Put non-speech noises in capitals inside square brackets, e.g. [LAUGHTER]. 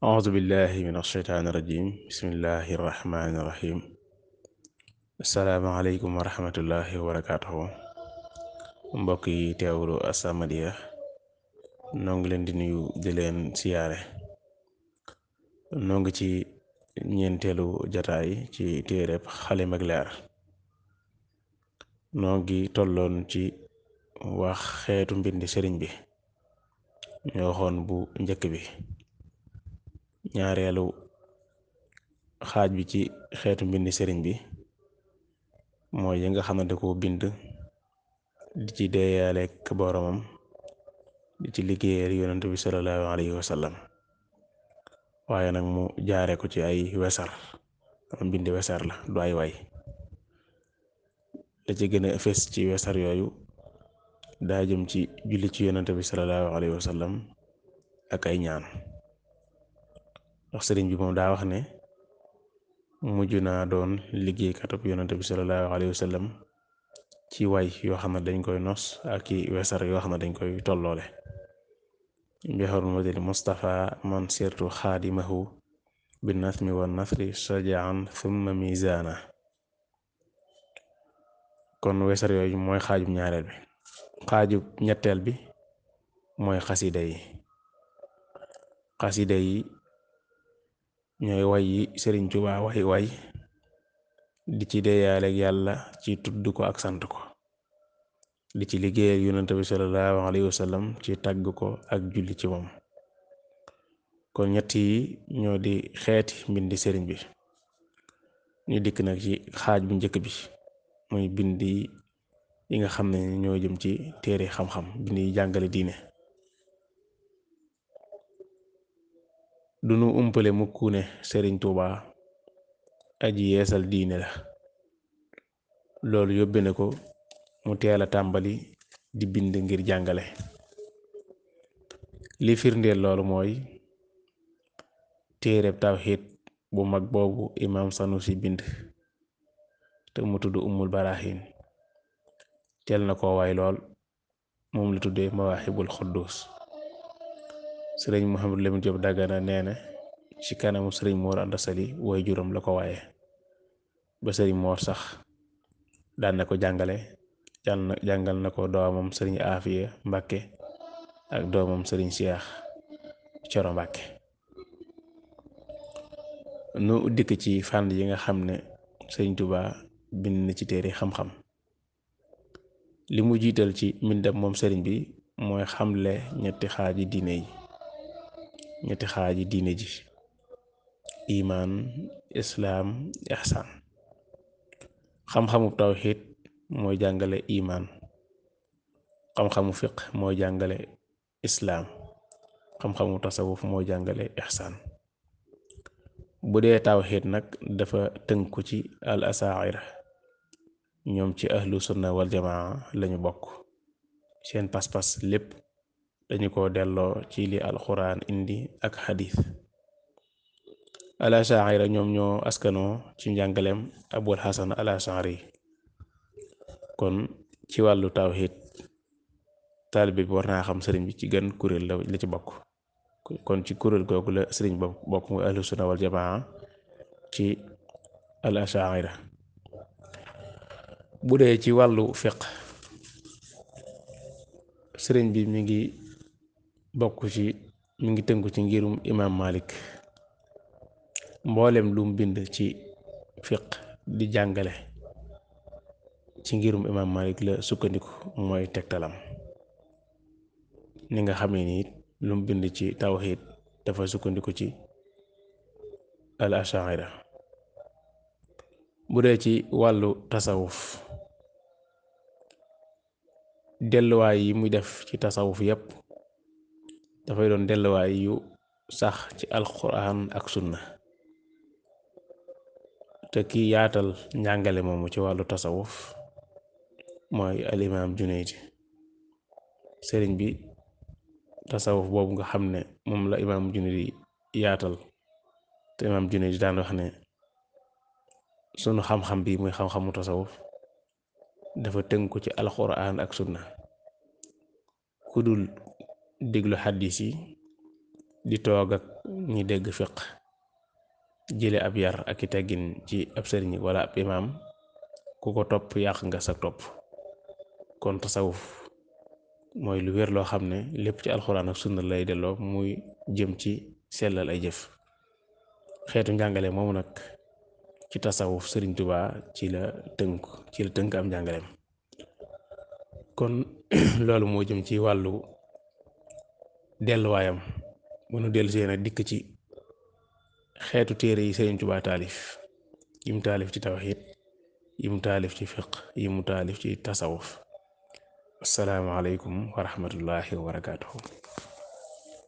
audu billahi min alsheytaan irajim bismillahi irrahmani irrahim asalaamaaleykum wa rahmatullahi wa barakatuhu mbokk yi teewlu as leen di nuyu di leen siyaare noo ci ñeenteelu jataay ci téereb Xalimag ak Leer tolloon ci wax xeetu mbindi sëriñ bi ñoo bu njëkk bi ñaareelu xaaj bi ci xeetu mbind sëriñ bi mooy yi nga xam ko bind di ci deeyaaleek boromam di ci liggéeyal yonent bi salallaahu alayhi wa sallam waaye nag mu jaare ko ci ay wesar am mbindi wesar la du ay waay da ci gën a fes ci wesar yooyu daa jëm ci julli ci yonent bi salallaahu alayhi wa sallam ak ay ñaan ndax sëriñ bi moom daa wax ne mujj naa doon liggéeykatub yonante bi salallaahu alayhi wa ci way yoo xam ne dañ koy nos ak i wesar yoo xam ne dañ koy tolloole bi xormatil mustafa man sirtu xaadimahu bi nasmi wa nasri sajaan thumma kon wesar yooyu mooy xaajub ñaareel bi xaajub ñetteel bi mooy xasida yi xasida yi ñooy way yi sëriñ Tuubaa way way di ci deeyaale yàlla ci tudd ko ak sant ko di ci liggéey ak yonent bi sallallahu alayhi wasallam ci tàgg ko ak julli ci moom kon ñett yi ñoo di xeeti mbindi sëriñ bi ñu dikk nag ci xaaj bu njëkk bi muy bind yi nga xam ne ñoo jëm ci téere xam-xam bind yi jàngale diine du nu umpale mukku ne sëriñ tuuba aji yeesal diine la loolu yóbbe na ko mu teel a tàmbali di bind ngir jàngale li firndeel loolu mooy téereb tawxiit bu mag boobu imam sanusi bind te mu tudd umul barahin teel na ko waay lool moom la tuddee mawaxibul xuddus sëriñ Mouhamadou Lamine Diop Dagana nee na ci kanamu sëriñ Mor Sali woy juróom la ko waaye ba sëriñ Mor sax daan ko jàngale jàngal na ko doomam sëriñ Afiya Mbàkke ak doomam sëriñ Seex Coro Mbàkke nu dikk ci fànn yi nga xam ne sëriñ bind na ci téere xam li mu jiital ci mbindam moom sëriñ bi mooy xamle ñetti xaaji diine yi ñetti xaaji diine ji imaan islaam ihsaan xam-xamu tawxiid mooy jàngale imaan xam-xamu fiq mooy jàngale islaam xam-xamu tasawuf mooy jàngale ihsaan bu dee tawxiid nag dafa tënku ci al asaacira ñoom ci ahlu sunna wal lañu bokk seen pas-pas lépp dañu ko delloo ci li alquran indi ak xadis alashaira ñoom ñoo askanoo ci njàngaleem abul xasan alashari kon ci wàllu tawhid taalibe bi war naa xam sëriñ bi ci gën kuréel la ci bokk kon ci kuréel googu la sëriñ ba bokk muy ahlu sunna ci alashaira bu dee ci wàllu fiq sëriñ bi mi ngi bokk ci mu ngi tënku ci ngirum imaam Malik mboolem lu bind ci fiq di jàngale ci ngirum imaam Malik la sukkandiku mooy tegtalam ni nga xam ne nii lum mu bind ci tawxiid dafa sukkandiku ci al ashaira bu dee ci wàllu tasawuf delluwaay yi muy def ci tasawuf yépp dafay doon delluwaay yu sax ci alquran ak sunna te ki yaatal njàngale moomu ci wàllu tasawuf mooy alimaam Junayd sëriñ bi tasawuf boobu nga xam ne moom la imaam Junayd yaatal te imaam Junayd daan wax ne sunu xam-xam bi muy xam-xamu tasawuf dafa tënku ci alquran ak sunna ku déglu xaddis yi di toog ak ñi dégg fiq jële ab yar ak i ci ab sëriñ wala ab imaam ku ko topp yàq nga sa topp kon tasawuf mooy lu wér loo xam ne lépp ci alxuraan ak sunna lay delloo muy jëm ci sellal ay jëf xeetu njàngale moomu nag ci tasawuf sëriñ tubaa ci la tënk ci la tënk am njàngaleem kon [CLEARS THROAT] loolu moo jëm ci wàllu delluwaayam bu nu dellu see nag dikk ci xeetu téere yi Sëriñ Tuubaa taalif yim taalif ci tawxiid yim taalif ci fiq yim taalif ci tasawuf assalaamu aleykum wa rahmatullaahi wa